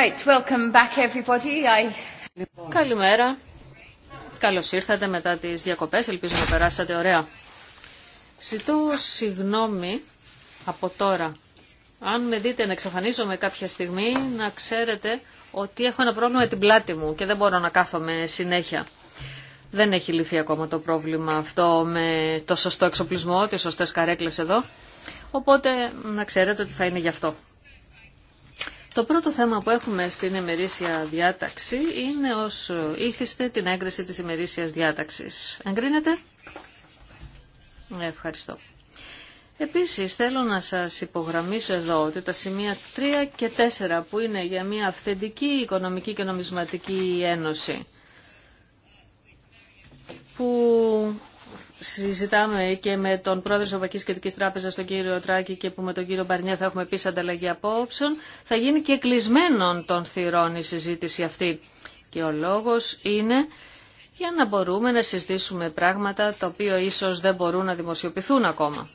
Right, welcome back everybody. I... Καλημέρα. Καλώς ήρθατε μετά τις διακοπές. Ελπίζω να περάσατε ωραία. Ζητώ συγγνώμη από τώρα. Αν με δείτε να εξαφανίζομαι κάποια στιγμή, να ξέρετε ότι έχω ένα πρόβλημα με την πλάτη μου και δεν μπορώ να κάθομαι συνέχεια. Δεν έχει λυθεί ακόμα το πρόβλημα αυτό με το σωστό εξοπλισμό, τις σωστές καρέκλες εδώ. Οπότε να ξέρετε ότι θα είναι γι' αυτό. Το πρώτο θέμα που έχουμε στην ημερήσια διάταξη είναι ως ήθιστε την έγκριση της ημερήσιας διάταξης. Εγκρίνεται. Ευχαριστώ. Επίσης θέλω να σας υπογραμμίσω εδώ ότι τα σημεία 3 και 4 που είναι για μια αυθεντική οικονομική και νομισματική ένωση που συζητάμε και με τον πρόεδρο της Ευρωπαϊκής Κεντρικής Τράπεζας, τον κύριο Τράκη και που με τον κύριο Μπαρνιέ θα έχουμε επίσης ανταλλαγή απόψεων, θα γίνει και κλεισμένον των θυρών η συζήτηση αυτή. Και ο λόγος είναι για να μπορούμε να συζητήσουμε πράγματα τα οποία ίσως δεν μπορούν να δημοσιοποιηθούν ακόμα.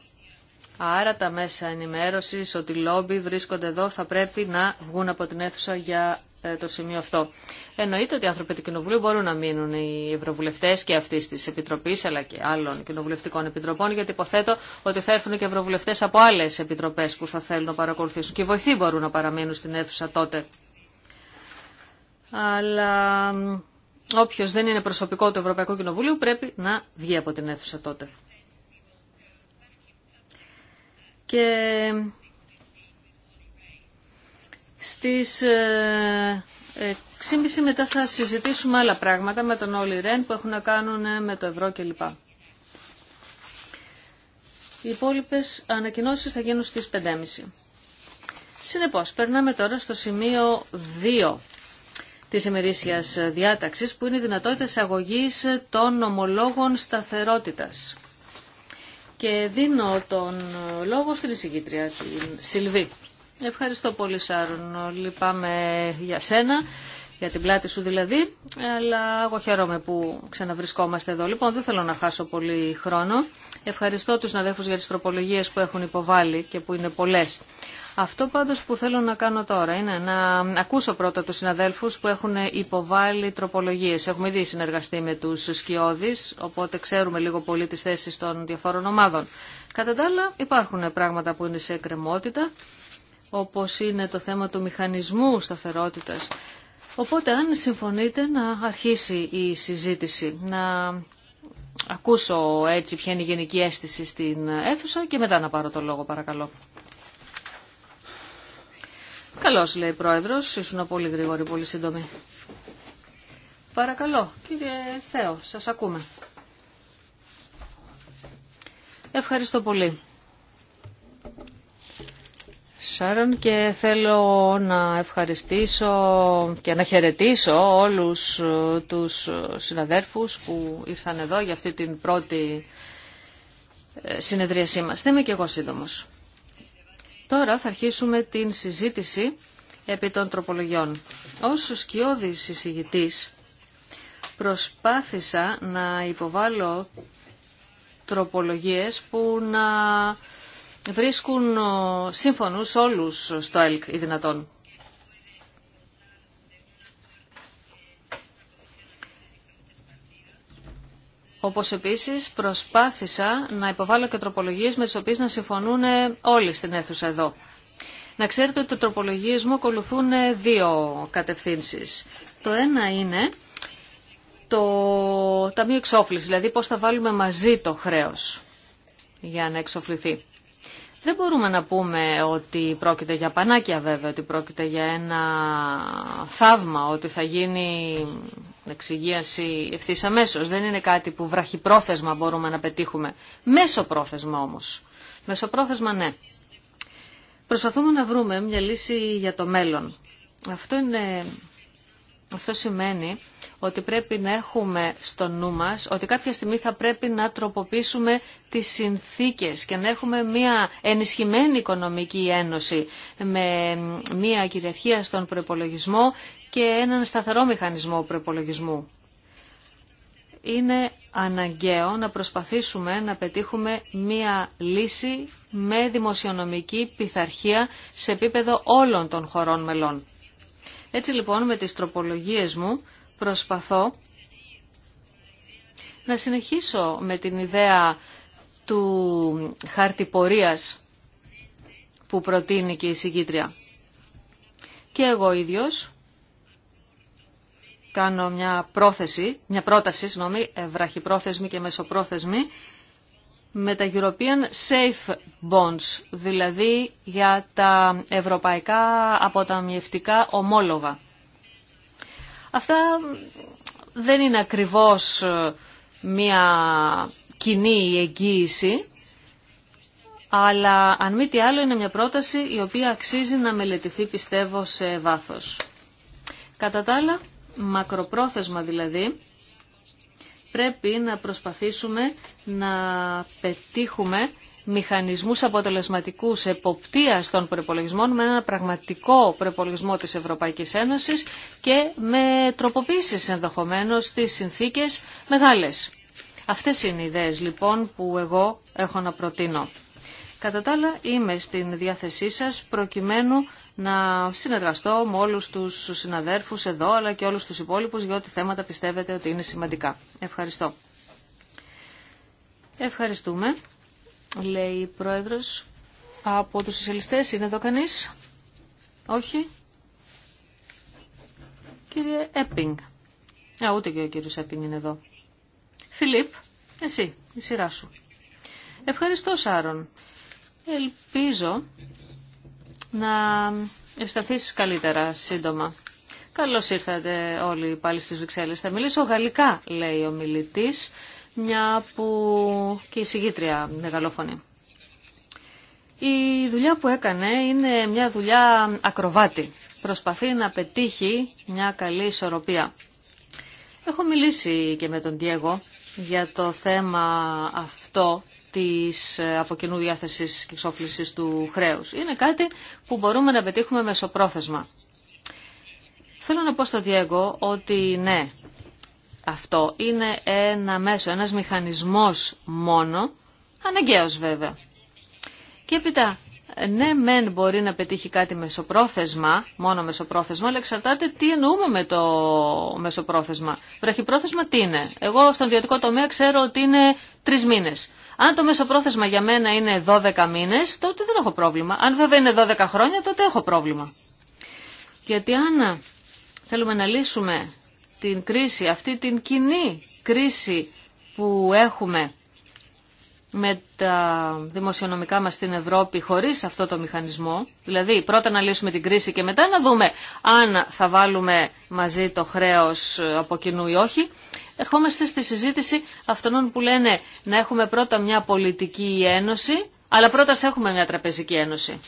Άρα τα μέσα ενημέρωσης ότι λόμπι βρίσκονται εδώ θα πρέπει να βγουν από την αίθουσα για ε, το σημείο αυτό. Εννοείται ότι οι άνθρωποι του Κοινοβουλίου μπορούν να μείνουν οι ευρωβουλευτέ και αυτή τη Επιτροπή αλλά και άλλων κοινοβουλευτικών επιτροπών, γιατί υποθέτω ότι θα έρθουν και ευρωβουλευτέ από άλλε επιτροπέ που θα θέλουν να παρακολουθήσουν και οι βοηθοί μπορούν να παραμείνουν στην αίθουσα τότε. Αλλά όποιο δεν είναι προσωπικό του Ευρωπαϊκού Κοινοβουλίου πρέπει να βγει από την αίθουσα τότε και στις 6.30 ε, μετά θα συζητήσουμε άλλα πράγματα με τον Όλυ Ρεν που έχουν να κάνουν ε, με το ευρώ κλπ. Οι υπόλοιπε ανακοινώσεις θα γίνουν στις 5.30. Συνεπώς, περνάμε τώρα στο σημείο 2 της ημερήσιας διάταξης που είναι η δυνατότητα εισαγωγής των ομολόγων σταθερότητας. Και δίνω τον λόγο στην εισηγήτρια, την Σιλβή. Ευχαριστώ πολύ Σάρων. Λυπάμαι για σένα, για την πλάτη σου δηλαδή, αλλά εγώ χαίρομαι που ξαναβρισκόμαστε εδώ. Λοιπόν, δεν θέλω να χάσω πολύ χρόνο. Ευχαριστώ τους ναδέφους για τις τροπολογίες που έχουν υποβάλει και που είναι πολλές. Αυτό πάντως που θέλω να κάνω τώρα είναι να ακούσω πρώτα τους συναδέλφους που έχουν υποβάλει τροπολογίες. Έχουμε ήδη συνεργαστεί με τους σκιώδεις, οπότε ξέρουμε λίγο πολύ τις θέσεις των διαφόρων ομάδων. Κατά τα άλλα υπάρχουν πράγματα που είναι σε εκκρεμότητα, όπως είναι το θέμα του μηχανισμού σταθερότητας. Οπότε αν συμφωνείτε να αρχίσει η συζήτηση, να ακούσω έτσι ποια είναι η γενική αίσθηση στην αίθουσα και μετά να πάρω το λόγο παρακαλώ. Καλώς λέει η Πρόεδρος, ήσουν πολύ γρήγορη, πολύ σύντομη. Παρακαλώ, κύριε Θεό, σας ακούμε. Ευχαριστώ πολύ. Σάρων και θέλω να ευχαριστήσω και να χαιρετήσω όλους τους συναδέρφους που ήρθαν εδώ για αυτή την πρώτη ε, συνεδρίασή μας. Θα είμαι και εγώ σύντομος. Τώρα θα αρχίσουμε την συζήτηση επί των τροπολογιών. Ως σκιώδης συζητητής προσπάθησα να υποβάλω τροπολογίες που να βρίσκουν σύμφωνους όλους στο ΕΛΚ οι δυνατόν. Όπως επίσης προσπάθησα να υποβάλω και τροπολογίες με τις οποίες να συμφωνούν όλοι στην αίθουσα εδώ. Να ξέρετε ότι οι τροπολογίες μου ακολουθούν δύο κατευθύνσεις. Το ένα είναι το ταμείο εξόφληση, δηλαδή πώς θα βάλουμε μαζί το χρέος για να εξοφληθεί. Δεν μπορούμε να πούμε ότι πρόκειται για πανάκια βέβαια, ότι πρόκειται για ένα θαύμα, ότι θα γίνει εξυγίαση ευθύ αμέσω. Δεν είναι κάτι που βραχυπρόθεσμα μπορούμε να πετύχουμε. Μέσο πρόθεσμα όμω. Μεσοπρόθεσμα ναι. Προσπαθούμε να βρούμε μια λύση για το μέλλον. Αυτό, είναι... Αυτό σημαίνει ότι πρέπει να έχουμε στο νου μας ότι κάποια στιγμή θα πρέπει να τροποποιήσουμε τις συνθήκες και να έχουμε μια ενισχυμένη οικονομική ένωση με μια κυριαρχία στον προπολογισμό και έναν σταθερό μηχανισμό προπολογισμού. Είναι αναγκαίο να προσπαθήσουμε να πετύχουμε μία λύση με δημοσιονομική πειθαρχία σε επίπεδο όλων των χωρών μελών. Έτσι λοιπόν με τις τροπολογίες μου προσπαθώ να συνεχίσω με την ιδέα του χαρτιπορίας που προτείνει και η συγκήτρια. Και εγώ ίδιος κάνω μια πρόθεση, μια πρόταση, συγγνώμη, ε, βραχυπρόθεσμη και μεσοπρόθεσμη, με τα European Safe Bonds, δηλαδή για τα ευρωπαϊκά αποταμιευτικά ομόλογα. Αυτά δεν είναι ακριβώς ε, μια κοινή εγγύηση, αλλά αν μη τι άλλο είναι μια πρόταση η οποία αξίζει να μελετηθεί πιστεύω σε βάθος. Κατά τα άλλα, μακροπρόθεσμα δηλαδή, πρέπει να προσπαθήσουμε να πετύχουμε μηχανισμούς αποτελεσματικούς εποπτείας των προπολογισμών με ένα πραγματικό προπολογισμό της Ευρωπαϊκής Ένωσης και με τροποποίησεις ενδεχομένως στις συνθήκες μεγάλες. Αυτές είναι οι ιδέες λοιπόν που εγώ έχω να προτείνω. Κατά τα άλλα είμαι στην διάθεσή σας προκειμένου να συνεργαστώ με όλου τους συναδέρφους εδώ αλλά και όλους τους υπόλοιπου για ό,τι θέματα πιστεύετε ότι είναι σημαντικά. Ευχαριστώ. Ευχαριστούμε, λέει η πρόεδρο Από τους συσσελιστέ είναι εδώ κανεί. Όχι. Κύριε Έπινγκ. Α, ούτε και ο κύριος Έπινγκ είναι εδώ. Φιλίπ, εσύ, η σειρά σου. Ευχαριστώ, Σάρων. Ελπίζω να ευσταθείς καλύτερα σύντομα. Καλώς ήρθατε όλοι πάλι στις Βρυξέλλες. Θα μιλήσω γαλλικά, λέει ο μιλητής, μια που και η συγγήτρια μεγαλόφωνη. Η δουλειά που έκανε είναι μια δουλειά ακροβάτη. Προσπαθεί να πετύχει μια καλή ισορροπία. Έχω μιλήσει και με τον Τιέγο για το θέμα αυτό της ε, αποκοινού διάθεσης και εξόφλησης του χρέους. Είναι κάτι που μπορούμε να πετύχουμε μεσοπρόθεσμα. Θέλω να πω στον Διέγκο ότι ναι, αυτό είναι ένα μέσο, ένας μηχανισμός μόνο, αναγκαίος βέβαια. Και έπειτα ε, ναι μεν μπορεί να πετύχει κάτι μεσοπρόθεσμα, μόνο μεσοπρόθεσμα, αλλά εξαρτάται τι εννοούμε με το μεσοπρόθεσμα. Βραχυπρόθεσμα τι είναι. Εγώ στον ιδιωτικό τομέα ξέρω ότι είναι τρει μήνε. Αν το μεσοπρόθεσμα για μένα είναι 12 μήνε, τότε δεν έχω πρόβλημα. Αν βέβαια είναι 12 χρόνια, τότε έχω πρόβλημα. Γιατί αν θέλουμε να λύσουμε την κρίση, αυτή την κοινή κρίση που έχουμε με τα δημοσιονομικά μας στην Ευρώπη χωρίς αυτό το μηχανισμό. Δηλαδή πρώτα να λύσουμε την κρίση και μετά να δούμε αν θα βάλουμε μαζί το χρέος από κοινού ή όχι. Ερχόμαστε στη συζήτηση αυτών που λένε να έχουμε πρώτα μια πολιτική ένωση, αλλά πρώτα έχουμε μια τραπεζική ένωση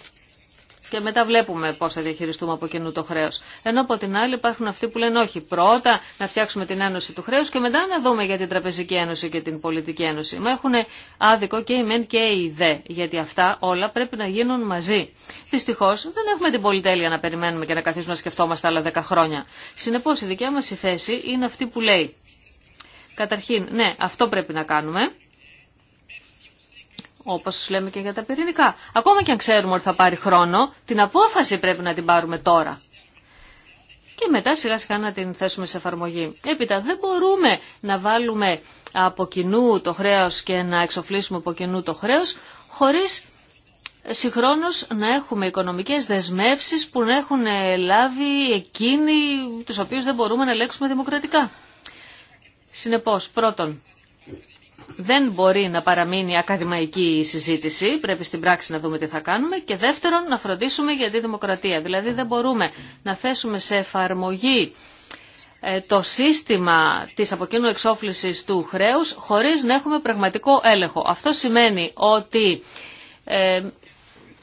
και μετά βλέπουμε πώ θα διαχειριστούμε από κοινού το χρέο. Ενώ από την άλλη υπάρχουν αυτοί που λένε όχι, πρώτα να φτιάξουμε την ένωση του Χρέου και μετά να δούμε για την τραπεζική ένωση και την πολιτική ένωση. Μα έχουν άδικο και η μεν και η δε, γιατί αυτά όλα πρέπει να γίνουν μαζί. Δυστυχώ δεν έχουμε την πολυτέλεια να περιμένουμε και να καθίσουμε να σκεφτόμαστε άλλα 10 χρόνια. Συνεπώ η δικιά μα η θέση είναι αυτή που λέει. Καταρχήν, ναι, αυτό πρέπει να κάνουμε όπως λέμε και για τα πυρηνικά. Ακόμα και αν ξέρουμε ότι θα πάρει χρόνο, την απόφαση πρέπει να την πάρουμε τώρα. Και μετά σιγά σιγά να την θέσουμε σε εφαρμογή. Έπειτα δεν μπορούμε να βάλουμε από κοινού το χρέος και να εξοφλήσουμε από κοινού το χρέος χωρίς συγχρόνως να έχουμε οικονομικές δεσμεύσεις που να έχουν λάβει εκείνοι τους οποίους δεν μπορούμε να ελέγξουμε δημοκρατικά. Συνεπώς, πρώτον, δεν μπορεί να παραμείνει ακαδημαϊκή η συζήτηση, πρέπει στην πράξη να δούμε τι θα κάνουμε και δεύτερον να φροντίσουμε για τη δημοκρατία. Δηλαδή δεν μπορούμε να θέσουμε σε εφαρμογή ε, το σύστημα της αποκίνου εξόφλησης του χρέους χωρίς να έχουμε πραγματικό έλεγχο. Αυτό σημαίνει ότι ε,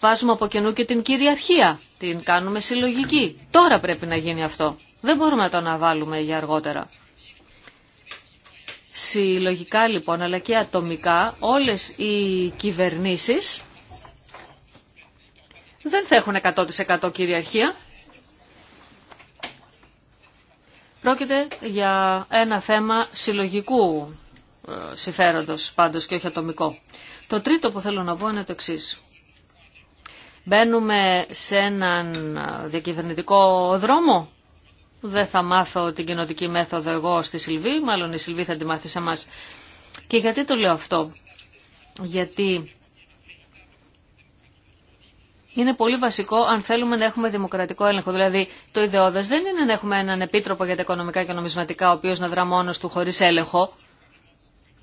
βάζουμε από κοινού και την κυριαρχία, την κάνουμε συλλογική. Τώρα πρέπει να γίνει αυτό. Δεν μπορούμε να το αναβάλουμε για αργότερα. Συλλογικά λοιπόν, αλλά και ατομικά, όλες οι κυβερνήσεις δεν θα έχουν 100% κυριαρχία. Πρόκειται για ένα θέμα συλλογικού ε, συμφέροντος πάντως και όχι ατομικό. Το τρίτο που θέλω να πω είναι το εξή. Μπαίνουμε σε έναν διακυβερνητικό δρόμο δεν θα μάθω την κοινοτική μέθοδο εγώ στη Σιλβή, μάλλον η Σιλβή θα τη μάθει σε μας. Και γιατί το λέω αυτό. Γιατί είναι πολύ βασικό αν θέλουμε να έχουμε δημοκρατικό έλεγχο. Δηλαδή, το ιδεώδε δεν είναι να έχουμε έναν επίτροπο για τα οικονομικά και νομισματικά, ο οποίο να δρά μόνο του χωρί έλεγχο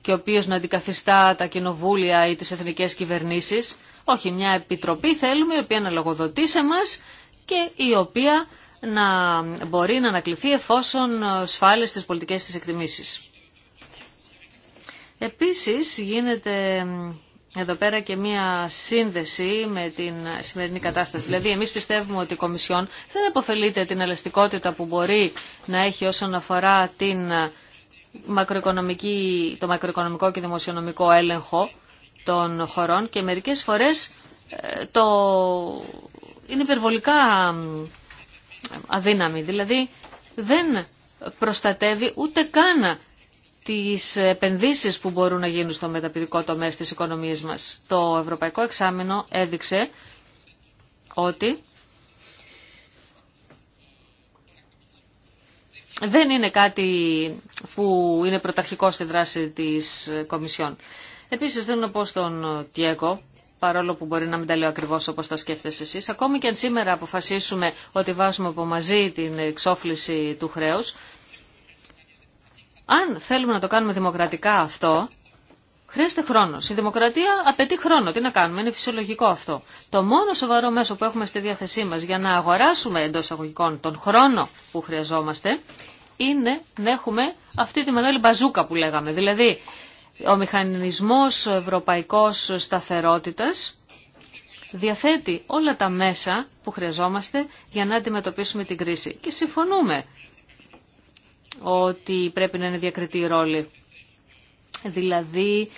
και ο οποίο να αντικαθιστά τα κοινοβούλια ή τι εθνικέ κυβερνήσει. Όχι, μια επιτροπή θέλουμε η οποία να λογοδοτεί σε εμά και η οποία να μπορεί να ανακληθεί εφόσον σφάλει στις πολιτικές της εκτιμήσεις. Επίσης γίνεται εδώ πέρα και μία σύνδεση με την σημερινή κατάσταση. Δηλαδή εμείς πιστεύουμε ότι η Κομισιόν δεν αποφελείται την ελαστικότητα που μπορεί να έχει όσον αφορά την μακροοικονομική, το μακροοικονομικό και δημοσιονομικό έλεγχο των χωρών και μερικές φορές ε, το... είναι υπερβολικά αδύναμη. Δηλαδή δεν προστατεύει ούτε καν τις επενδύσεις που μπορούν να γίνουν στο μεταπηδικό τομέα στις οικονομίες μας. Το Ευρωπαϊκό Εξάμεινο έδειξε ότι δεν είναι κάτι που είναι πρωταρχικό στη δράση της Κομισιόν. Επίσης δεν είναι πω στον Τιέκο παρόλο που μπορεί να μην τα λέω ακριβώς όπως τα σκέφτεσαι εσύ, ακόμη και αν σήμερα αποφασίσουμε ότι βάζουμε από μαζί την εξόφληση του χρέους, αν θέλουμε να το κάνουμε δημοκρατικά αυτό, χρειάζεται χρόνο. Η δημοκρατία απαιτεί χρόνο. Τι να κάνουμε, είναι φυσιολογικό αυτό. Το μόνο σοβαρό μέσο που έχουμε στη διάθεσή μα για να αγοράσουμε εντό αγωγικών τον χρόνο που χρειαζόμαστε, είναι να έχουμε αυτή τη μεγάλη μπαζούκα που λέγαμε. Δηλαδή, ο μηχανισμός ευρωπαϊκός σταθερότητας διαθέτει όλα τα μέσα που χρειαζόμαστε για να αντιμετωπίσουμε την κρίση. Και συμφωνούμε ότι πρέπει να είναι διακριτή η ρόλη. Δηλαδή,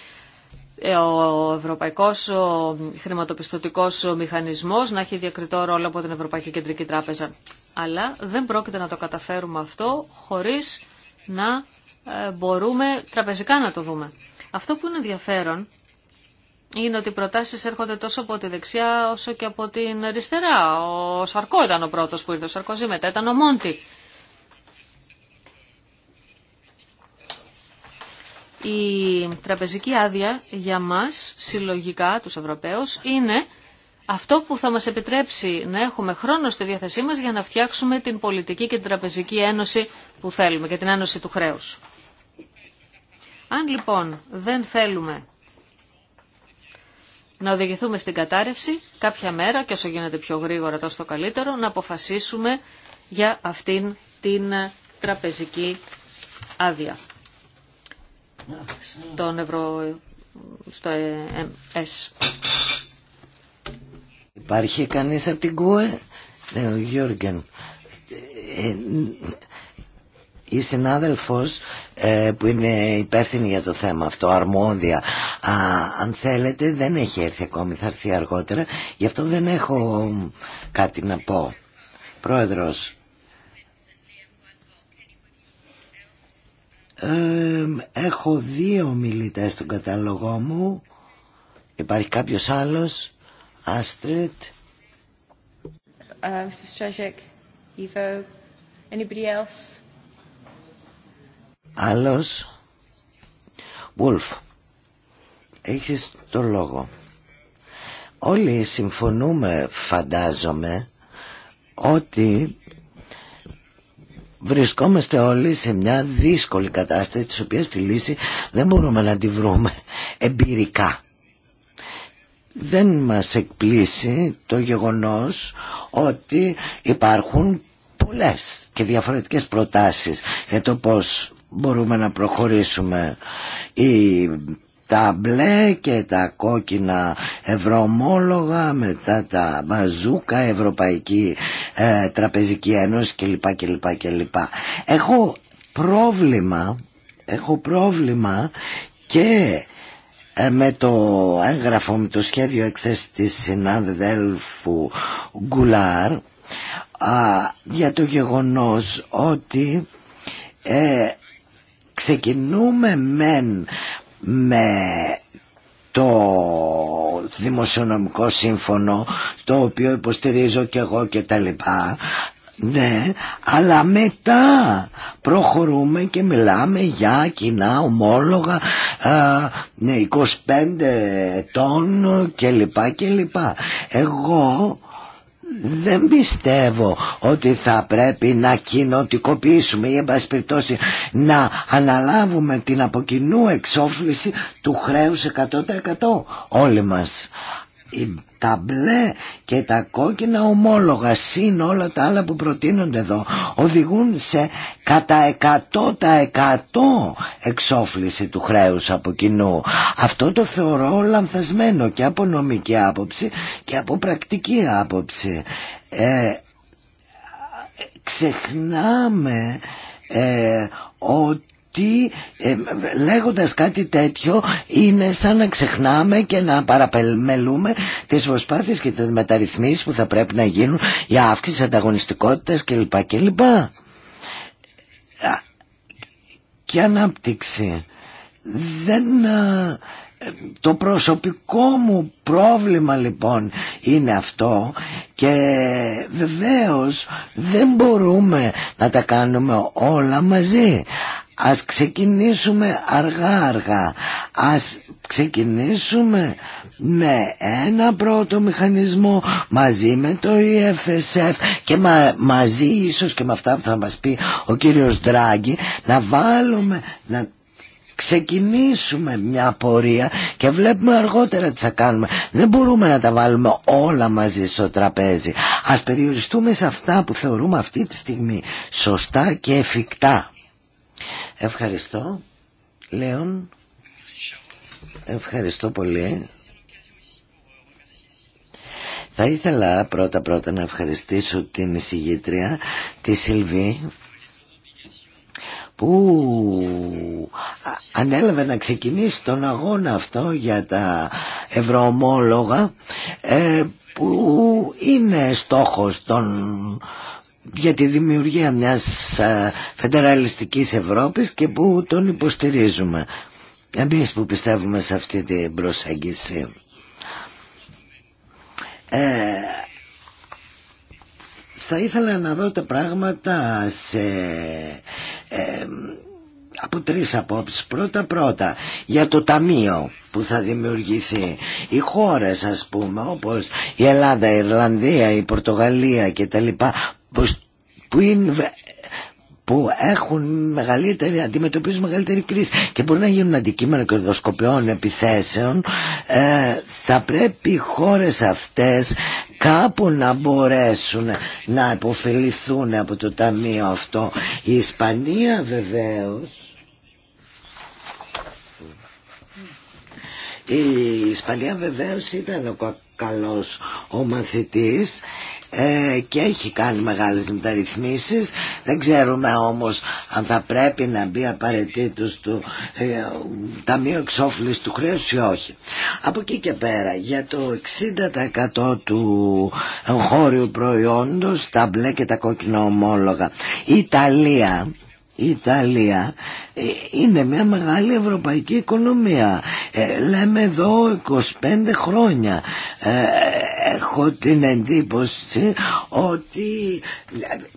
ε, ο Ευρωπαϊκός ο Χρηματοπιστωτικός Μηχανισμός να έχει διακριτό ρόλο από την Ευρωπαϊκή Κεντρική Τράπεζα. Αλλά δεν πρόκειται να το καταφέρουμε αυτό χωρίς να ε, μπορούμε τραπεζικά να το δούμε. Αυτό που είναι ενδιαφέρον είναι ότι οι προτάσεις έρχονται τόσο από τη δεξιά όσο και από την αριστερά. Ο Σαρκό ήταν ο πρώτος που ήρθε, ο Σαρκοζή μετά ήταν ο Μόντι. Η τραπεζική άδεια για μας, συλλογικά τους Ευρωπαίους, είναι αυτό που θα μας επιτρέψει να έχουμε χρόνο στη διάθεσή μας για να φτιάξουμε την πολιτική και την τραπεζική ένωση που θέλουμε και την ένωση του χρέους. Αν λοιπόν δεν θέλουμε να οδηγηθούμε στην κατάρρευση, κάποια μέρα και όσο γίνεται πιο γρήγορα τόσο καλύτερο, να αποφασίσουμε για αυτήν την τραπεζική άδεια το ευρω... στο ΕΜΣ. Υπάρχει κανείς από την ο η συνάδελφος ε, που είναι υπεύθυνη για το θέμα αυτό, αρμόδια, αν θέλετε δεν έχει έρθει ακόμη, θα έρθει αργότερα, γι' αυτό δεν έχω κάτι να πω. Πρόεδρος, έχω δύο μιλητές στον καταλογό μου, υπάρχει κάποιος άλλος, Άστριτ. Uh, Mrs. Trezic, Ivo, anybody else? Άλλος. Wolf. Έχεις το λόγο. Όλοι συμφωνούμε, φαντάζομαι, ότι βρισκόμαστε όλοι σε μια δύσκολη κατάσταση της οποίας τη λύση δεν μπορούμε να τη βρούμε εμπειρικά. Δεν μας εκπλήσει το γεγονός ότι υπάρχουν πολλές και διαφορετικές προτάσεις για το πώς μπορούμε να προχωρήσουμε. Η, τα μπλε και τα κόκκινα ευρωομόλογα, μετά τα μπαζούκα, Ευρωπαϊκή ε, Τραπεζική Ένωση κλπ. κλπ, κλπ. Έχω πρόβλημα, έχω πρόβλημα και ε, με το έγγραφο, με το σχέδιο εκθέστης της συνάδελφου Γκουλάρ α, για το γεγονός ότι ε, ξεκινούμε μεν με το δημοσιονομικό σύμφωνο το οποίο υποστηρίζω και εγώ και τα λοιπά ναι, αλλά μετά προχωρούμε και μιλάμε για κοινά ομόλογα α, ναι, 25 ετών και λοιπά και λοιπά. Εγώ δεν πιστεύω ότι θα πρέπει να κοινοτικοποιήσουμε ή εν να αναλάβουμε την αποκοινού εξόφληση του χρέους 100% όλοι μας τα μπλε και τα κόκκινα ομόλογα συν όλα τα άλλα που προτείνονται εδώ οδηγούν σε κατά 100% τα εκατό εξόφληση του χρέους από κοινού. Αυτό το θεωρώ λανθασμένο και από νομική άποψη και από πρακτική άποψη. Ε, ξεχνάμε ε, ότι ότι ε, λέγοντας κάτι τέτοιο είναι σαν να ξεχνάμε και να παραπελμελούμε τις προσπάθειες και τις μεταρρυθμίσεις που θα πρέπει να γίνουν για αύξηση ανταγωνιστικότητας κλπ. κλπ. Και ανάπτυξη. Δεν... Ε, το προσωπικό μου πρόβλημα λοιπόν είναι αυτό και βεβαίως δεν μπορούμε να τα κάνουμε όλα μαζί Ας ξεκινήσουμε αργά-αργά. Ας ξεκινήσουμε με ένα πρώτο μηχανισμό μαζί με το EFSF και μαζί ίσως και με αυτά που θα μας πει ο κύριος Δράγκη να βάλουμε, να ξεκινήσουμε μια πορεία και βλέπουμε αργότερα τι θα κάνουμε. Δεν μπορούμε να τα βάλουμε όλα μαζί στο τραπέζι. Ας περιοριστούμε σε αυτά που θεωρούμε αυτή τη στιγμή σωστά και εφικτά. Ευχαριστώ. Λέων, ευχαριστώ πολύ. Θα ήθελα πρώτα πρώτα να ευχαριστήσω την εισηγήτρια τη Σιλβή που ανέλαβε να ξεκινήσει τον αγώνα αυτό για τα ευρωομόλογα ε, που είναι στόχος των για τη δημιουργία μιας φεντεραλιστικής Ευρώπης και που τον υποστηρίζουμε. Εμείς που πιστεύουμε σε αυτή την προσέγγιση. Ε, θα ήθελα να δω τα πράγματα σε... Ε, από τρεις απόψεις. Πρώτα-πρώτα για το ταμείο που θα δημιουργηθεί. Οι χώρες ας πούμε όπως η Ελλάδα, η Ιρλανδία, η Πορτογαλία και τα που, είναι, που έχουν μεγαλύτερη, αντιμετωπίζουν μεγαλύτερη κρίση και μπορεί να γίνουν αντικείμενο κερδοσκοπιών επιθέσεων ε, θα πρέπει οι χώρες αυτές κάπου να μπορέσουν να υποφεληθούν από το ταμείο αυτό η Ισπανία βεβαίως η Ισπανία βεβαίως ήταν ο καλός ο μαθητής ε, και έχει κάνει μεγάλες μεταρρυθμίσεις δεν ξέρουμε όμως αν θα πρέπει να μπει απαραίτητος του ε, Ταμείο του Χρέους ή όχι από εκεί και πέρα για το 60% του χώριου προϊόντος τα μπλε και τα κόκκινα ομόλογα Ιταλία η Ιταλία ε, είναι μια μεγάλη ευρωπαϊκή οικονομία. Ε, λέμε εδώ 25 χρόνια. Ε, έχω την εντύπωση ότι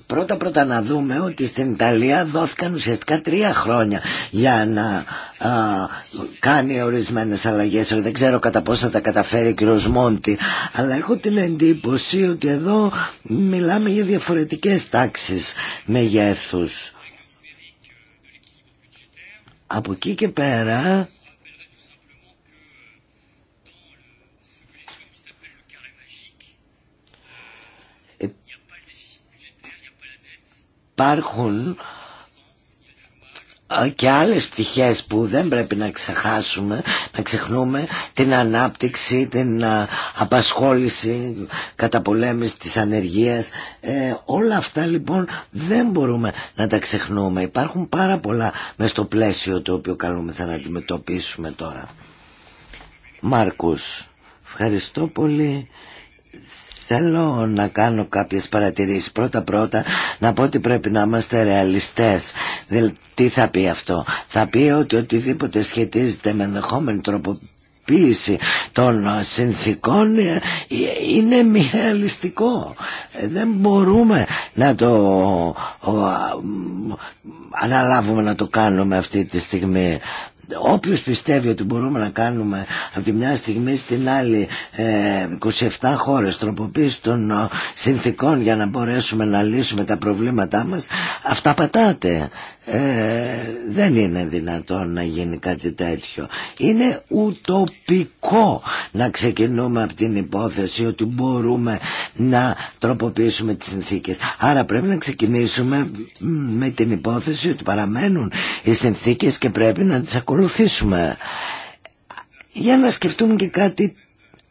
πρώτα πρώτα να δούμε ότι στην Ιταλία δόθηκαν ουσιαστικά τρία χρόνια για να κάνει ορισμένες αλλαγές. Δεν ξέρω κατά πώς θα τα καταφέρει ο κ. Μόντι, αλλά έχω την εντύπωση ότι εδώ μιλάμε για διαφορετικές τάξεις μεγέθους. Από εκεί και πέρα ε, υπάρχουν και άλλες πτυχές που δεν πρέπει να ξεχάσουμε, να ξεχνούμε την ανάπτυξη, την απασχόληση, καταπολέμηση της ανεργίας ε, όλα αυτά λοιπόν δεν μπορούμε να τα ξεχνούμε υπάρχουν πάρα πολλά με στο πλαίσιο το οποίο καλούμεθα να αντιμετωπίσουμε τώρα Μάρκους, ευχαριστώ πολύ Θέλω να κάνω κάποιες παρατηρήσεις. Πρώτα-πρώτα να πω ότι πρέπει να είμαστε ρεαλιστές. τι θα πει αυτό. Θα πει ότι οτιδήποτε σχετίζεται με ενδεχόμενη τροποποίηση των συνθήκων ε, είναι μη ρεαλιστικό. Ε, δεν μπορούμε να το αναλάβουμε να το κάνουμε αυτή τη στιγμή όποιος πιστεύει ότι μπορούμε να κάνουμε από τη μια στιγμή στην άλλη 27 ε, χώρες τροποποίηση των ε, συνθήκων για να μπορέσουμε να λύσουμε τα προβλήματά μας αυτά πατάτε ε, δεν είναι δυνατόν να γίνει κάτι τέτοιο. Είναι ουτοπικό να ξεκινούμε από την υπόθεση ότι μπορούμε να τροποποιήσουμε τις συνθήκες. Άρα πρέπει να ξεκινήσουμε με την υπόθεση ότι παραμένουν οι συνθήκες και πρέπει να τις ακολουθήσουμε. Για να σκεφτούμε και κάτι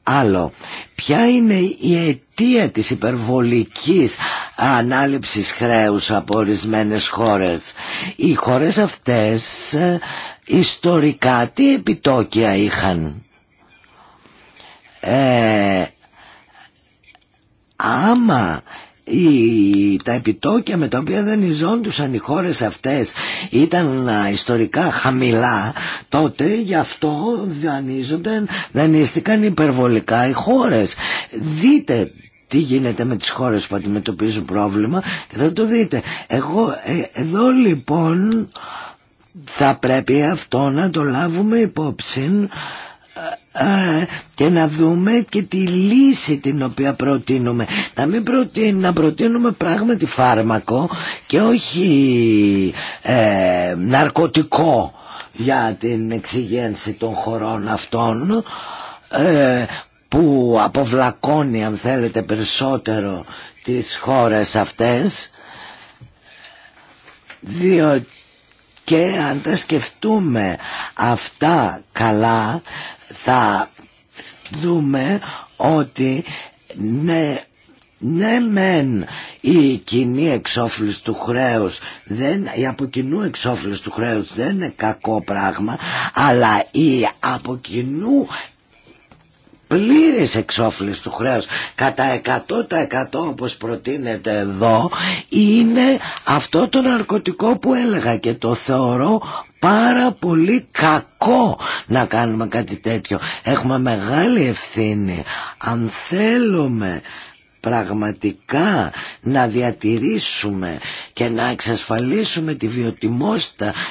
άλλο. Ποια είναι η αιτία της υπερβολικής ανάληψης χρέους από ορισμένε χώρες. Οι χώρες αυτές ε, ιστορικά τι επιτόκια είχαν. Ε, άμα η, τα επιτόκια με τα οποία δανειζόντουσαν οι χώρες αυτές ήταν ιστορικά χαμηλά τότε γι' αυτό δανείζονταν, δανείστηκαν υπερβολικά οι χώρες δείτε τι γίνεται με τις χώρες που αντιμετωπίζουν πρόβλημα και θα το δείτε εγώ ε, εδώ λοιπόν θα πρέπει αυτό να το λάβουμε υπόψη και να δούμε και τη λύση την οποία προτείνουμε να μην προτείνουμε, να προτείνουμε πράγματι φάρμακο και όχι ε, ναρκωτικό για την εξηγένση των χωρών αυτών ε, που αποβλακώνει αν θέλετε περισσότερο τις χώρες αυτές διότι και αν τα σκεφτούμε αυτά καλά θα δούμε ότι ναι μεν η κοινή εξόφληση του χρέους δεν, η από κοινού εξόφληση του χρέους δεν είναι κακό πράγμα αλλά η από κοινού πλήρης εξόφληση του χρέους κατά 100% όπως προτείνεται εδώ είναι αυτό το ναρκωτικό που έλεγα και το θεωρώ πάρα πολύ κακό να κάνουμε κάτι τέτοιο. Έχουμε μεγάλη ευθύνη. Αν θέλουμε πραγματικά να διατηρήσουμε και να εξασφαλίσουμε τη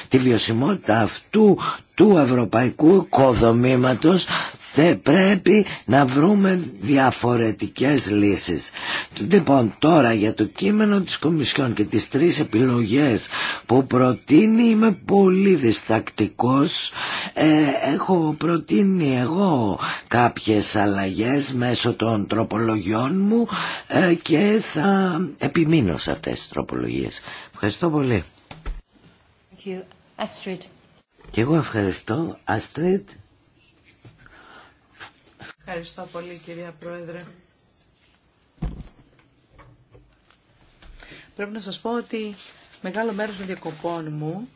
τη βιωσιμότητα αυτού του ευρωπαϊκού οικοδομήματος θα πρέπει να βρούμε διαφορετικές λύσεις. Λοιπόν, τώρα για το κείμενο της Κομισιόν και τις τρεις επιλογές που προτείνει είμαι πολύ διστακτικός. Ε, έχω προτείνει εγώ κάποιες αλλαγές μέσω των τροπολογιών μου ε, και θα επιμείνω σε αυτές τις τροπολογίες. Ευχαριστώ πολύ. Thank και εγώ ευχαριστώ. Αστρίτ. Ευχαριστώ πολύ κυρία Πρόεδρε. Πρέπει να σας πω ότι μεγάλο μέρος των διακοπών μου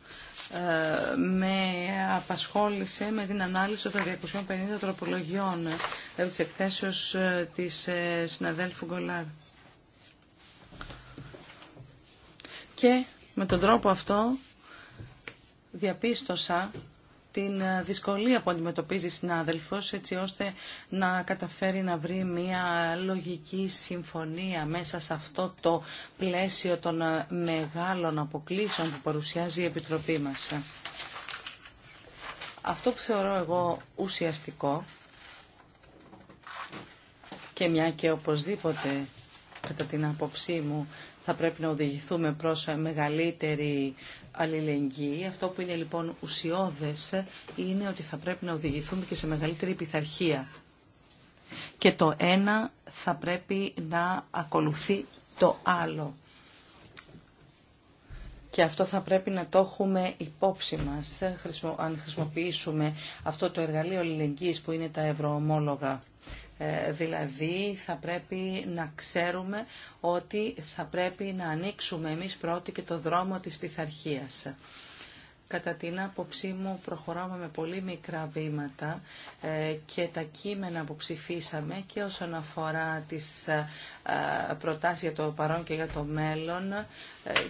ε, με απασχόλησε με την ανάλυση των 250 τροπολογιών ε, της εκθέσεως ε, της ε, συναδέλφου Γκολάρ. Και με τον τρόπο αυτό διαπίστωσα την ε, δυσκολία που αντιμετωπίζει συνάδελφος έτσι ώστε να καταφέρει να βρει μια λογική συμφωνία μέσα σε αυτό το πλαίσιο των ε, μεγάλων αποκλήσεων που παρουσιάζει η Επιτροπή μας. Αυτό που θεωρώ εγώ ουσιαστικό και μια και οπωσδήποτε κατά την άποψή μου θα πρέπει να οδηγηθούμε προς ε, μεγαλύτερη αλληλεγγύη. Αυτό που είναι λοιπόν ουσιώδες είναι ότι θα πρέπει να οδηγηθούμε και σε μεγαλύτερη πειθαρχία. Και το ένα θα πρέπει να ακολουθεί το άλλο. Και αυτό θα πρέπει να το έχουμε υπόψη μας, αν χρησιμοποιήσουμε αυτό το εργαλείο αλληλεγγύης που είναι τα ευρωομόλογα. Ε, δηλαδή θα πρέπει να ξέρουμε ότι θα πρέπει να ανοίξουμε εμείς πρώτοι και το δρόμο της πειθαρχία. Κατά την άποψή μου προχωράμε με πολύ μικρά βήματα ε, και τα κείμενα που ψηφίσαμε και όσον αφορά τις ε, προτάσεις για το παρόν και για το μέλλον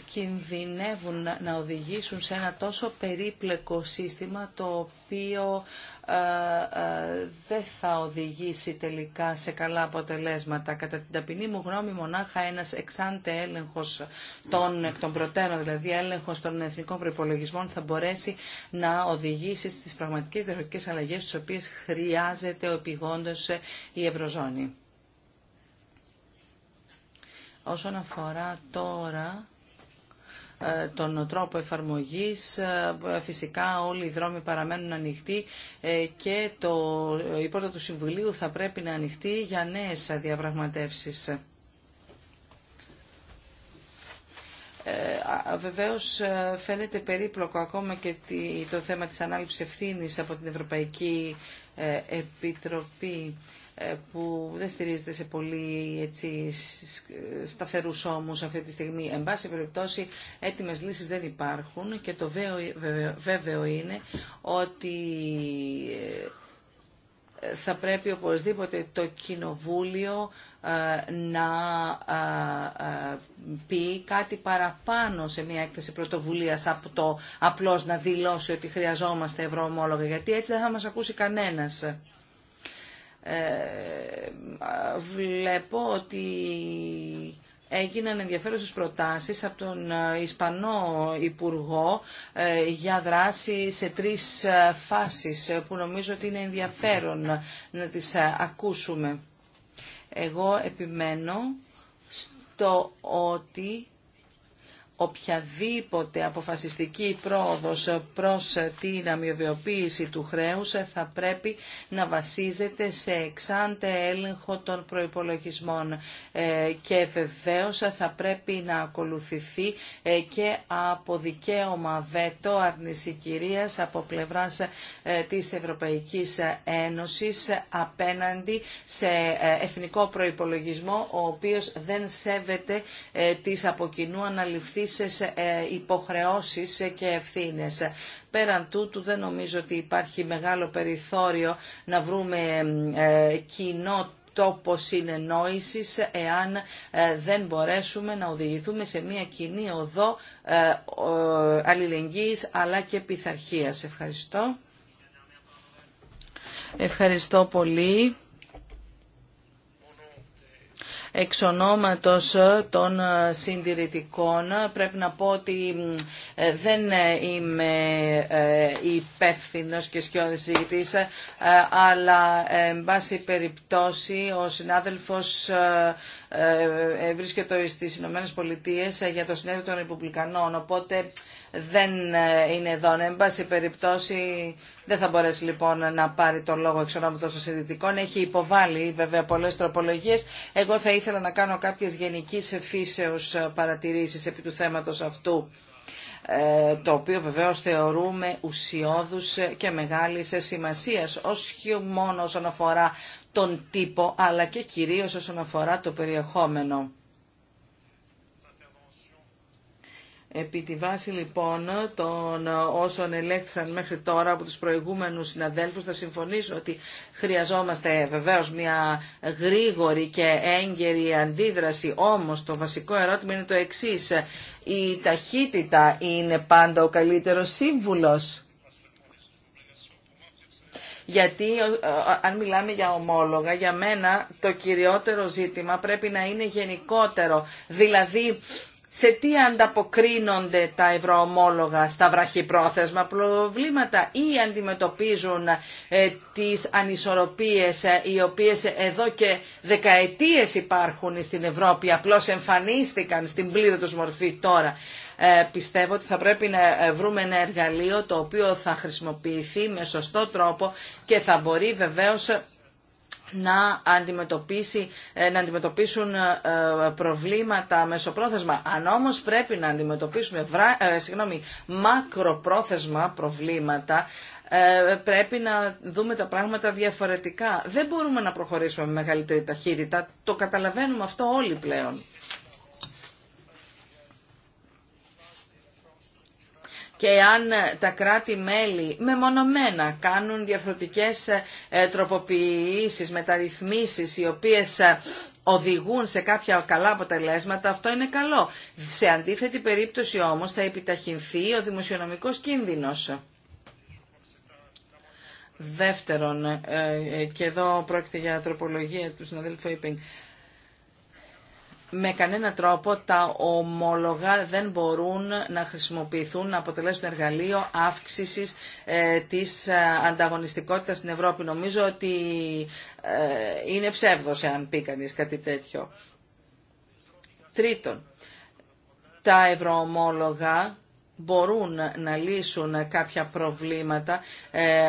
κινδυνεύουν να οδηγήσουν σε ένα τόσο περίπλεκο σύστημα το οποίο ε, ε, δεν θα οδηγήσει τελικά σε καλά αποτελέσματα. Κατά την ταπεινή μου γνώμη μονάχα ένας εξάντε έλεγχος των, εκ των προτέρων, δηλαδή έλεγχος των εθνικών προϋπολογισμών θα μπορέσει να οδηγήσει στις πραγματικές διαρροτικές αλλαγές τις οποίες χρειάζεται ο επιγόντος η Ευρωζώνη. Όσον αφορά τώρα ε, τον τρόπο εφαρμογής. Ε, φυσικά όλοι οι δρόμοι παραμένουν ανοιχτοί ε, και το, η πόρτα του Συμβουλίου θα πρέπει να ανοιχτεί για νέες διαπραγματεύσεις. Βεβαίως φαίνεται περίπλοκο ακόμα και το θέμα της ανάληψης ευθύνης από την Ευρωπαϊκή Επιτροπή. Ε, που δεν στηρίζεται σε πολύ έτσι, σταθερούς ώμους αυτή τη στιγμή. Εν πάση περιπτώσει, έτοιμες λύσεις δεν υπάρχουν και το βέβαιο είναι ότι ε, θα πρέπει οπωσδήποτε το Κοινοβούλιο ε, να πει κάτι παραπάνω σε μια έκθεση πρωτοβουλίας από το απλώς να δηλώσει ότι χρειαζόμαστε ευρωομόλογα, γιατί έτσι δεν θα μας ακούσει κανένας. Ε, βλέπω ότι έγιναν ενδιαφέρουσες προτάσεις από τον ε, Ισπανό Υπουργό ε, για δράση σε τρεις φάσεις που νομίζω ότι είναι ενδιαφέρον να τις ακούσουμε. Εγώ επιμένω στο ότι οποιαδήποτε αποφασιστική πρόοδος προς την αμοιοβιοποίηση του χρέους θα πρέπει να βασίζεται σε εξάντε έλεγχο των προϋπολογισμών ε, και βεβαίως θα πρέπει να ακολουθηθεί ε, και από δικαίωμα βέτο αρνησικυρίας από πλευράς ε, της Ευρωπαϊκής Ένωσης απέναντι σε εθνικό προϋπολογισμό ο οποίος δεν σέβεται τις από κοινού σε ε, υποχρεώσεις και ευθύνες. Πέραν τούτου δεν νομίζω ότι υπάρχει μεγάλο περιθώριο να βρούμε ε, κοινό τόπο συνεννόησης εάν ε, δεν μπορέσουμε να οδηγηθούμε σε μια κοινή οδό αλληλεγγύης αλλά και πειθαρχία. Ευχαριστώ. Ευχαριστώ πολύ. Εξ ονόματος των συντηρητικών πρέπει να πω ότι ε, δεν είμαι ε, υπεύθυνο και σκιώδης ε, αλλά εν πάση περιπτώσει ο συνάδελφος ε, ε, βρίσκεται στις Ηνωμένε Πολιτείε ε, για το συνέδριο των Ρεπουμπλικανών, οπότε δεν είναι εδώ. Ναι, εν πάση περιπτώσει δεν θα μπορέσει λοιπόν να πάρει τον λόγο εξ των συντηρητικών. Έχει υποβάλει βέβαια πολλέ τροπολογίες. Εγώ θα ήθελα να κάνω κάποιες γενική εφήσεως παρατηρήσεις επί του θέματο αυτού το οποίο βεβαίως θεωρούμε ουσιώδους και μεγάλης σημασίας, όχι μόνο όσον αφορά τον τύπο αλλά και κυρίως όσον αφορά το περιεχόμενο. Επί τη βάση λοιπόν των όσων ελέγχθησαν μέχρι τώρα από τους προηγούμενους συναδέλφους θα συμφωνήσω ότι χρειαζόμαστε βεβαίως μια γρήγορη και έγκαιρη αντίδραση. Όμως το βασικό ερώτημα είναι το εξής. Η ταχύτητα είναι πάντα ο καλύτερος σύμβουλος. Γιατί ε, ε, αν μιλάμε για ομόλογα, για μένα το κυριότερο ζήτημα πρέπει να είναι γενικότερο. Δηλαδή, σε τι ανταποκρίνονται τα ευρωομόλογα στα βραχυπρόθεσμα προβλήματα ή αντιμετωπίζουν ε, τις ανισορροπίες οι οποίες εδώ και δεκαετίες υπάρχουν στην Ευρώπη, απλώς εμφανίστηκαν στην πλήρη τους μορφή τώρα. Ε, πιστεύω ότι θα πρέπει να ε, βρούμε ένα εργαλείο το οποίο θα χρησιμοποιηθεί με σωστό τρόπο και θα μπορεί βεβαίως να, αντιμετωπίσει, ε, να αντιμετωπίσουν προβλήματα μεσοπρόθεσμα. Αν όμως πρέπει να αντιμετωπίσουμε βρα, συγγνώμη, μακροπρόθεσμα προβλήματα, πρέπει να δούμε τα πράγματα διαφορετικά. Δεν μπορούμε να προχωρήσουμε με μεγαλύτερη ταχύτητα. Το καταλαβαίνουμε αυτό όλοι πλέον. και αν ε, τα κράτη-μέλη μεμονωμένα κάνουν διαφορετικές ε, ε, τροποποιήσεις, μεταρρυθμίσεις οι οποίες οδηγούν σε κάποια καλά αποτελέσματα, αυτό είναι καλό. Σε αντίθετη περίπτωση όμως θα επιταχυνθεί ο δημοσιονομικός κίνδυνος. Δεύτερον, και εδώ πρόκειται για τροπολογία του συναδέλφου Ήπινγκ, με κανένα τρόπο τα ομόλογα δεν μπορούν να χρησιμοποιηθούν, να αποτελέσουν εργαλείο αύξησης ε, της ε, ανταγωνιστικότητας στην Ευρώπη. Νομίζω ότι ε, είναι ψεύδος εάν πει κανείς κάτι τέτοιο. Τρίτον, τα ευρωομόλογα μπορούν να λύσουν κάποια προβλήματα, ε,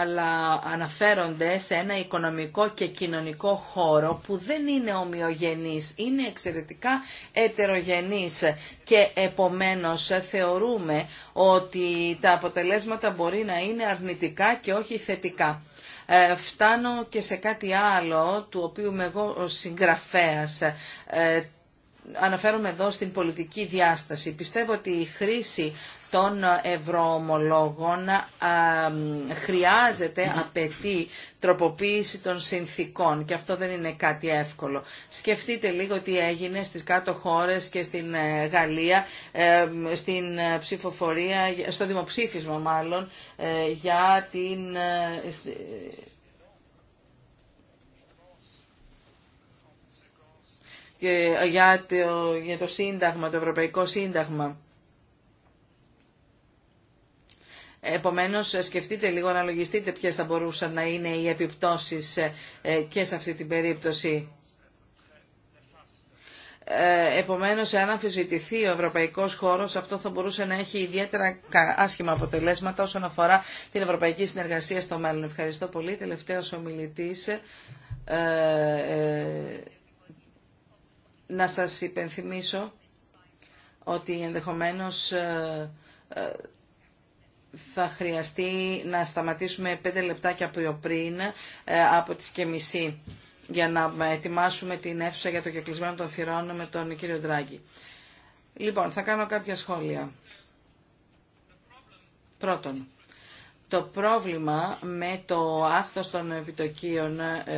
αλλά αναφέρονται σε ένα οικονομικό και κοινωνικό χώρο που δεν είναι ομοιογενής, είναι εξαιρετικά ετερογενής και επομένως θεωρούμε ότι τα αποτελέσματα μπορεί να είναι αρνητικά και όχι θετικά. Ε, φτάνω και σε κάτι άλλο, του οποίου είμαι εγώ συγγραφέας, ε, αναφέρομαι εδώ στην πολιτική διάσταση. Πιστεύω ότι η χρήση των ευρωομολόγων χρειάζεται, απαιτεί τροποποίηση των συνθήκων και αυτό δεν είναι κάτι εύκολο. Σκεφτείτε λίγο τι έγινε στις κάτω χώρες και στην ε, Γαλλία, ε, στην ε, ψηφοφορία, στο δημοψήφισμα μάλλον, για την για το, για το Σύνταγμα, το Ευρωπαϊκό Σύνταγμα. Επομένως, σκεφτείτε λίγο, αναλογιστείτε ποιες θα μπορούσαν να είναι οι επιπτώσεις ε, και σε αυτή την περίπτωση. Ε, επομένως, εάν αμφισβητηθεί ο ευρωπαϊκός χώρος, αυτό θα μπορούσε να έχει ιδιαίτερα άσχημα αποτελέσματα όσον αφορά την ευρωπαϊκή συνεργασία στο μέλλον. Ευχαριστώ πολύ. Τελευταίος ομιλητής, ε, να σας υπενθυμίσω ότι ενδεχομένως ε, ε, θα χρειαστεί να σταματήσουμε πέντε λεπτάκια πιο πριν ε, από τις και μισή για να ετοιμάσουμε την αίθουσα για το κεκλεισμένο των θυρών με τον κύριο Ντράγκη. Λοιπόν, θα κάνω κάποια σχόλια. Πρώτον, το πρόβλημα με το άχθος των επιτοκίων ε,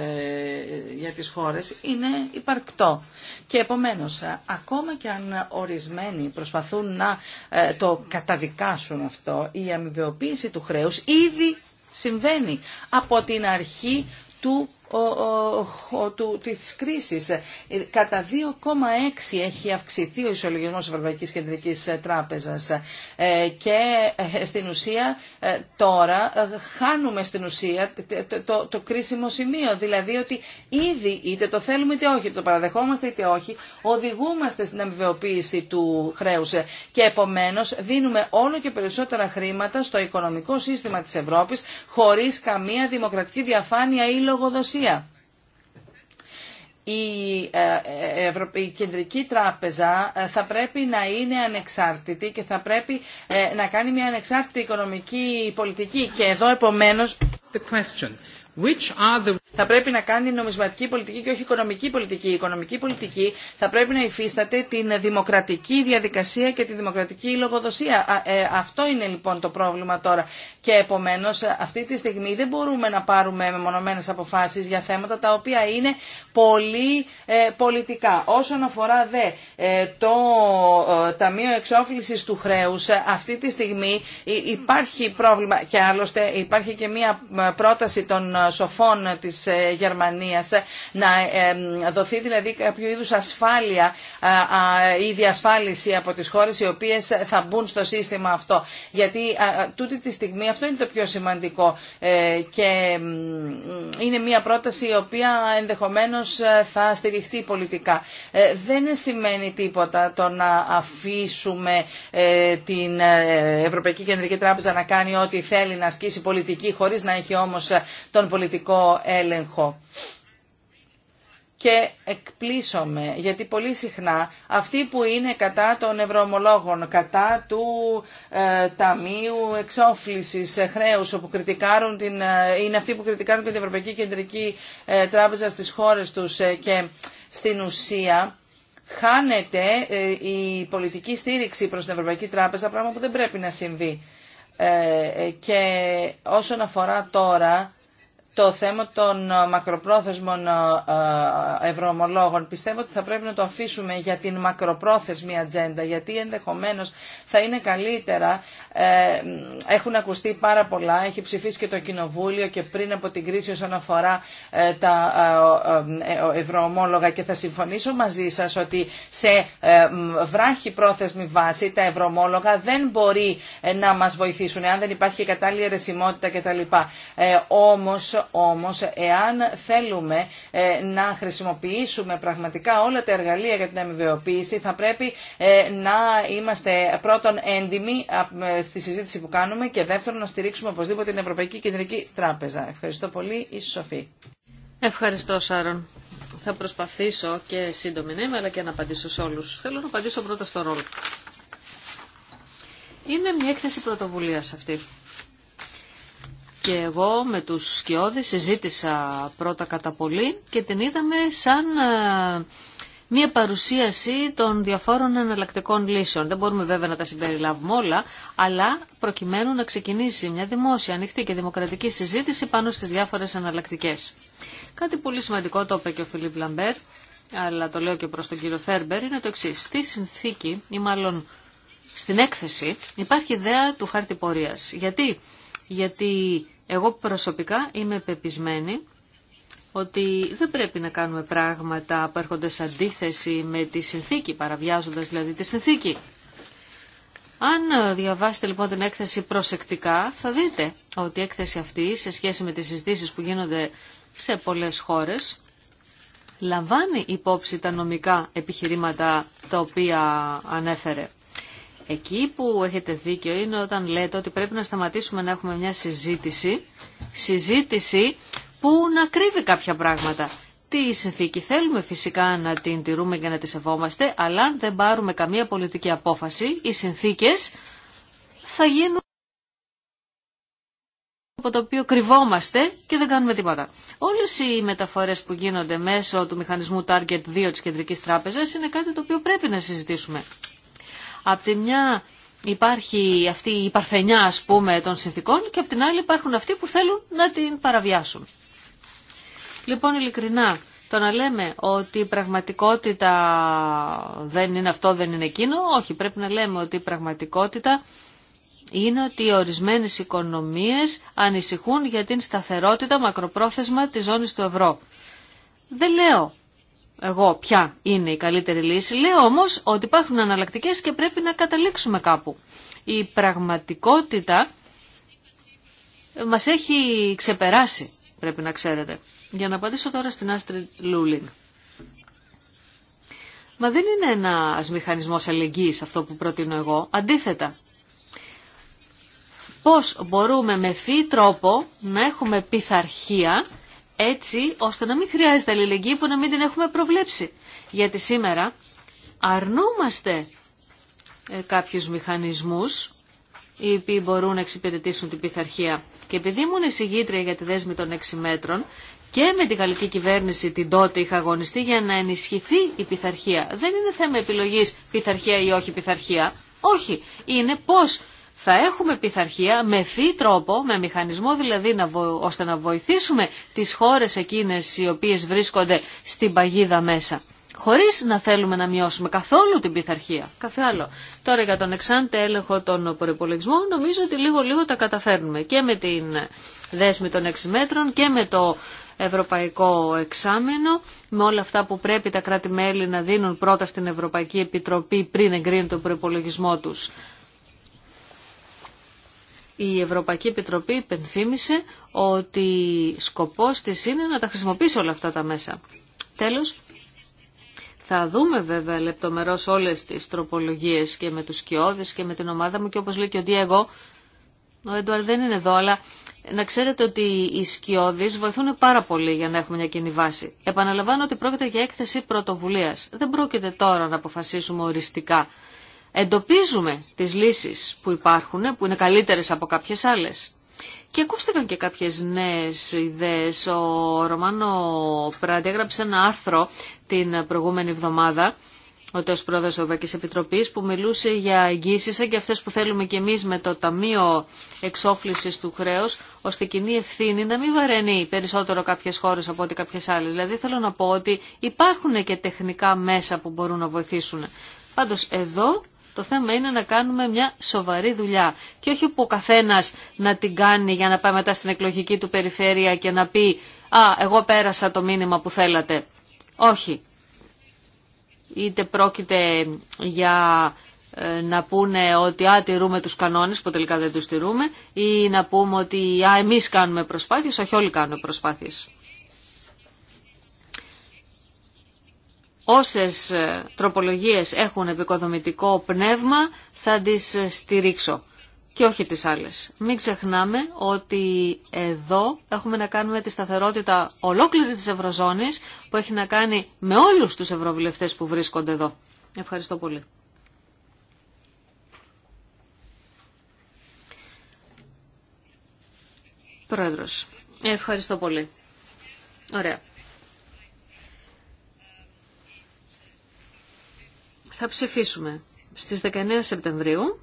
για τις χώρες είναι υπαρκτό. Και επομένως, ε, ακόμα και αν ορισμένοι προσπαθούν να ε, το καταδικάσουν αυτό, η αμοιβαιοποίηση του χρέους ήδη συμβαίνει από την αρχή του ο, ο, του, της κρίσης. Ε, κατά 2,6 έχει αυξηθεί ο ισολογισμός της Ευρωπαϊκής Κεντρικής Τράπεζας ε, και ε, στην ουσία τώρα χάνουμε στην ουσία το, το, κρίσιμο σημείο, δηλαδή ότι ήδη είτε το θέλουμε είτε όχι, το παραδεχόμαστε είτε όχι, οδηγούμαστε στην αμοιβαιοποίηση του χρέους και επομένως δίνουμε όλο και περισσότερα χρήματα στο οικονομικό σύστημα της Ευρώπης χωρίς καμία δημοκρατική διαφάνεια ή λογοδοσία η ε, ε, Ευρωπαϊκή Κεντρική Τράπεζα ε, θα πρέπει να είναι ανεξάρτητη και θα πρέπει να κάνει μια ανεξάρτητη οικονομική πολιτική. Και εδώ επομένως θα πρέπει να κάνει νομισματική πολιτική και όχι οικονομική πολιτική. Η οικονομική πολιτική θα πρέπει να υφίσταται την δημοκρατική διαδικασία και τη δημοκρατική λογοδοσία. Ε, αυτό είναι λοιπόν το πρόβλημα τώρα. Και επομένω ε, αυτή τη στιγμή δεν μπορούμε να πάρουμε μεμονωμένε αποφάσει για θέματα τα οποία είναι πολύ ε, πολιτικά. Όσον αφορά δε το Ταμείο Εξόφλησης του Χρέους, αυτή τη στιγμή υπάρχει πρόβλημα και άλλωστε υπάρχει και μία πρόταση των σοφών της ε, Γερμανίας. Ε, να ε, δοθεί δηλαδή κάποιο είδους ασφάλεια ή διασφάλιση από τις χώρες οι οποίες θα μπουν στο σύστημα αυτό. Γιατί τούτη τη στιγμή αυτό είναι το πιο σημαντικό και είναι μια πρόταση η οποία ενδεχομένως θα στηριχτεί πολιτικά. Δεν σημαίνει τίποτα το να αφήσουμε την Ευρωπαϊκή Κεντρική Τράπεζα να κάνει ό,τι θέλει να ασκήσει πολιτική χωρίς να έχει όμως τον πολιτικό έλεγχο έλεγχο. Και εκπλήσωμαι, γιατί πολύ συχνά αυτοί που είναι κατά των ευρωομολόγων, κατά του ε, Ταμείου Εξόφλησης ε, Χρέους, κριτικάρουν την, ε, είναι αυτοί που κριτικάρουν και την Ευρωπαϊκή Κεντρική ε, Τράπεζα στις χώρες τους ε, και στην ουσία χάνεται ε, η πολιτική στήριξη προς την Ευρωπαϊκή Τράπεζα, πράγμα που δεν πρέπει να συμβεί. Και όσον αφορά τώρα το θέμα των ε, μακροπρόθεσμων ε, ε, ευρωομολόγων. Πιστεύω ότι θα πρέπει να το αφήσουμε για την μακροπρόθεσμη ατζέντα, γιατί ενδεχομένως θα είναι καλύτερα. Έχουν ακουστεί πάρα πολλά, έχει ψηφίσει και το Κοινοβούλιο και πριν από την κρίση όσον αφορά τα ευρωομόλογα και θα συμφωνήσω μαζί σας ότι σε βράχη πρόθεσμη βάση τα ευρωομόλογα δεν μπορεί να μας βοηθήσουν, αν δεν υπάρχει κατάλληλη αιρεσιμότητα κτλ. Όμως όμως εάν θέλουμε ε, να χρησιμοποιήσουμε πραγματικά όλα τα εργαλεία για την αμοιβαιοποίηση θα πρέπει ε, να είμαστε πρώτον έντιμοι στη συζήτηση που κάνουμε και δεύτερον να στηρίξουμε οπωσδήποτε την Ευρωπαϊκή Κεντρική Τράπεζα. Ευχαριστώ πολύ. η σοφή. Ευχαριστώ Σάρον. Θα προσπαθήσω και σύντομη ναι, αλλά και να απαντήσω σε όλους. Θέλω να απαντήσω πρώτα στο ρόλο. Είναι μια έκθεση πρωτοβουλίας αυτή και εγώ με τους Σκιώδη συζήτησα πρώτα κατά πολύ και την είδαμε σαν ε, μία παρουσίαση των διαφόρων εναλλακτικών λύσεων. Δεν μπορούμε βέβαια να τα συμπεριλάβουμε όλα, αλλά προκειμένου να ξεκινήσει μια δημόσια, ανοιχτή και δημοκρατική συζήτηση πάνω στις διάφορες εναλλακτικέ. Κάτι πολύ σημαντικό το είπε και ο Φιλίπ Λαμπέρ, αλλά το λέω και προς τον κύριο Φέρμπερ, είναι το εξή. Στη συνθήκη, ή μάλλον στην έκθεση, υπάρχει ιδέα του χάρτη πορείας. Γιατί, Γιατί εγώ προσωπικά είμαι πεπισμένη ότι δεν πρέπει να κάνουμε πράγματα που έρχονται σε αντίθεση με τη συνθήκη, παραβιάζοντας δηλαδή τη συνθήκη. Αν διαβάσετε λοιπόν την έκθεση προσεκτικά, θα δείτε ότι η έκθεση αυτή, σε σχέση με τις συζητήσεις που γίνονται σε πολλές χώρες, λαμβάνει υπόψη τα νομικά επιχειρήματα τα οποία ανέφερε. Εκεί που έχετε δίκιο είναι όταν λέτε ότι πρέπει να σταματήσουμε να έχουμε μια συζήτηση, συζήτηση που να κρύβει κάποια πράγματα. Τη συνθήκη θέλουμε φυσικά να την τηρούμε και να τη σεβόμαστε, αλλά αν δεν πάρουμε καμία πολιτική απόφαση, οι συνθήκες θα γίνουν από το οποίο κρυβόμαστε και δεν κάνουμε τίποτα. Όλες οι μεταφορές που γίνονται μέσω του μηχανισμού Target 2 της Κεντρικής Τράπεζας είναι κάτι το οποίο πρέπει να συζητήσουμε. Απ' τη μια υπάρχει αυτή η παρθενιά ας πούμε των συνθήκων και απ' την άλλη υπάρχουν αυτοί που θέλουν να την παραβιάσουν. Λοιπόν, ειλικρινά, το να λέμε ότι η πραγματικότητα δεν είναι αυτό, δεν είναι εκείνο, όχι, πρέπει να λέμε ότι η πραγματικότητα είναι ότι οι ορισμένες οικονομίες ανησυχούν για την σταθερότητα μακροπρόθεσμα της ζώνης του ευρώ. Δεν λέω εγώ ποια είναι η καλύτερη λύση. Λέω όμως ότι υπάρχουν αναλλακτικέ και πρέπει να καταλήξουμε κάπου. Η πραγματικότητα μας έχει ξεπεράσει, πρέπει να ξέρετε. Για να απαντήσω τώρα στην Άστρι Λούλινγκ. Μα δεν είναι ένας μηχανισμός αλληλεγγύης αυτό που προτείνω εγώ. Αντίθετα, πώς μπορούμε με φύ τρόπο να έχουμε πειθαρχία έτσι ώστε να μην χρειάζεται αλληλεγγύη που να μην την έχουμε προβλέψει. Γιατί σήμερα αρνούμαστε ε, κάποιους μηχανισμούς οι οποίοι μπορούν να εξυπηρετήσουν την πειθαρχία. Και επειδή ήμουν εισηγήτρια για τη δέσμη των 6 μέτρων και με τη γαλλική κυβέρνηση την τότε είχα αγωνιστεί για να ενισχυθεί η πειθαρχία. Δεν είναι θέμα επιλογής πειθαρχία ή όχι πειθαρχία. Όχι. Είναι πώς θα έχουμε πειθαρχία με φύ τρόπο, με μηχανισμό δηλαδή να ώστε να βοηθήσουμε τις χώρες εκείνες οι οποίες βρίσκονται στην παγίδα μέσα. Χωρίς να θέλουμε να μειώσουμε καθόλου την πειθαρχία. Κάθε άλλο. Τώρα για τον εξάντε έλεγχο των προπολογισμών νομίζω ότι λίγο-λίγο τα καταφέρνουμε. Και με την δέσμη των 6 μέτρων και με το ευρωπαϊκό εξάμενο, με όλα αυτά που πρέπει τα κράτη-μέλη να δίνουν πρώτα στην Ευρωπαϊκή Επιτροπή πριν εγκρίνει τον προπολογισμό τους. Η Ευρωπαϊκή Επιτροπή υπενθύμησε ότι σκοπός της είναι να τα χρησιμοποιήσει όλα αυτά τα μέσα. Τέλος, θα δούμε βέβαια λεπτομερώς όλες τις τροπολογίες και με τους σκιώδες και με την ομάδα μου και όπως λέει και ο Διέγο, ο Εντουαρ δεν είναι εδώ, αλλά να ξέρετε ότι οι σκιώδεις βοηθούν πάρα πολύ για να έχουμε μια κοινή βάση. Επαναλαμβάνω ότι πρόκειται για έκθεση πρωτοβουλίας. Δεν πρόκειται τώρα να αποφασίσουμε οριστικά εντοπίζουμε τις λύσεις που υπάρχουν, που είναι καλύτερες από κάποιες άλλες. Και ακούστηκαν και κάποιες νέες ιδέες. Ο Ρωμάνο Πράντη έγραψε ένα άρθρο την προηγούμενη εβδομάδα, ο τέος πρόεδρος της Ευρωπαϊκής Επιτροπής, που μιλούσε για εγγύσεις σαν και αυτές που θέλουμε και εμείς με το Ταμείο Εξόφλησης του Χρέους, ώστε κοινή ευθύνη να μην βαραίνει περισσότερο κάποιες χώρες από ό,τι κάποιες άλλες. Δηλαδή θέλω να πω ότι υπάρχουν και τεχνικά μέσα που μπορούν να βοηθήσουν. Πάντως εδώ το θέμα είναι να κάνουμε μια σοβαρή δουλειά και όχι που ο καθένα να την κάνει για να πάει μετά στην εκλογική του περιφέρεια και να πει «Α, εγώ πέρασα το μήνυμα που θέλατε». Όχι. Είτε πρόκειται για ε, να πούνε ότι α, τηρούμε τους κανόνες που τελικά δεν τους τηρούμε ή να πούμε ότι α, εμείς κάνουμε προσπάθειες, όχι όλοι κάνουμε προσπάθειες. όσες ε, τροπολογίες έχουν επικοδομητικό πνεύμα θα τις ε, στηρίξω και όχι τις άλλες. Μην ξεχνάμε ότι εδώ έχουμε να κάνουμε τη σταθερότητα ολόκληρη της Ευρωζώνης που έχει να κάνει με όλους τους ευρωβουλευτές που βρίσκονται εδώ. Ευχαριστώ πολύ. Πρόεδρος, ευχαριστώ πολύ. Ωραία. θα ψηφίσουμε στις 19 Σεπτεμβρίου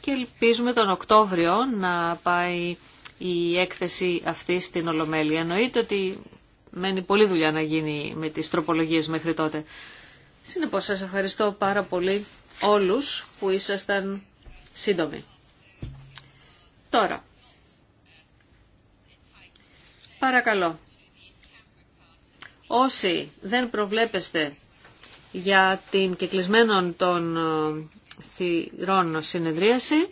και ελπίζουμε τον Οκτώβριο να πάει η έκθεση αυτή στην Ολομέλη. Εννοείται ότι μένει πολλή δουλειά να γίνει με τις τροπολογίες μέχρι τότε. Συνεπώς σας ευχαριστώ πάρα πολύ όλους που ήσασταν σύντομοι. Τώρα, παρακαλώ, όσοι δεν προβλέπεστε για την κεκλεισμένον των ε, θυρών συνεδρίαση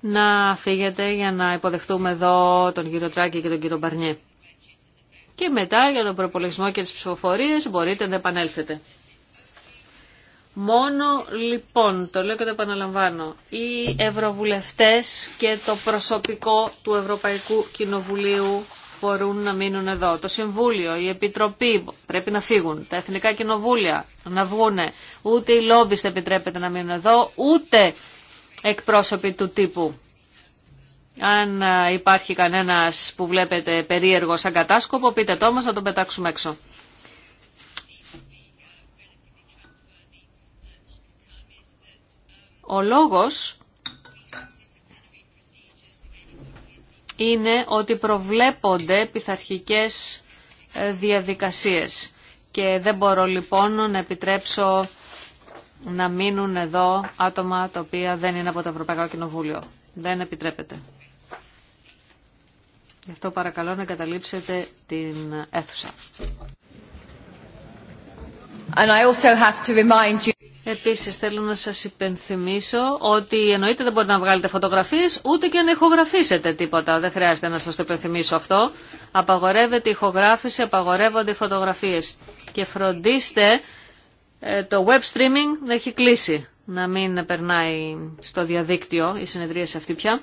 να φύγετε για να υποδεχτούμε εδώ τον κύριο Τράκη και τον κύριο Μπαρνιέ. Και μετά για τον προπολογισμό και τις ψηφοφορίες μπορείτε να επανέλθετε. Μόνο λοιπόν, το λέω και το επαναλαμβάνω, οι ευρωβουλευτές και το προσωπικό του Ευρωπαϊκού Κοινοβουλίου μπορούν να μείνουν εδώ. Το Συμβούλιο, η Επιτροπή πρέπει να φύγουν, τα Εθνικά Κοινοβούλια να βγούνε, ούτε οι λόμπις δεν επιτρέπεται να μείνουν εδώ, ούτε εκπρόσωποι του τύπου. Αν υπάρχει κανένας που βλέπετε περίεργο σαν κατάσκοπο, πείτε το μας να τον πετάξουμε έξω. Ο λόγος είναι ότι προβλέπονται πειθαρχικέ ε, διαδικασίες και δεν μπορώ λοιπόν να επιτρέψω να μείνουν εδώ άτομα τα οποία δεν είναι από το Ευρωπαϊκό Κοινοβούλιο. Δεν επιτρέπεται. Γι' αυτό παρακαλώ να καταλήψετε την αίθουσα. And I also have Επίσης θέλω να σας υπενθυμίσω ότι εννοείται δεν μπορείτε να βγάλετε φωτογραφίε ούτε και να ηχογραφήσετε τίποτα. Δεν χρειάζεται να σας το υπενθυμίσω αυτό. Απαγορεύεται η ηχογράφηση, απαγορεύονται οι φωτογραφίες. Και φροντίστε ε, το web streaming να έχει κλείσει, να μην περνάει στο διαδίκτυο η συνεδρία σε αυτή πια.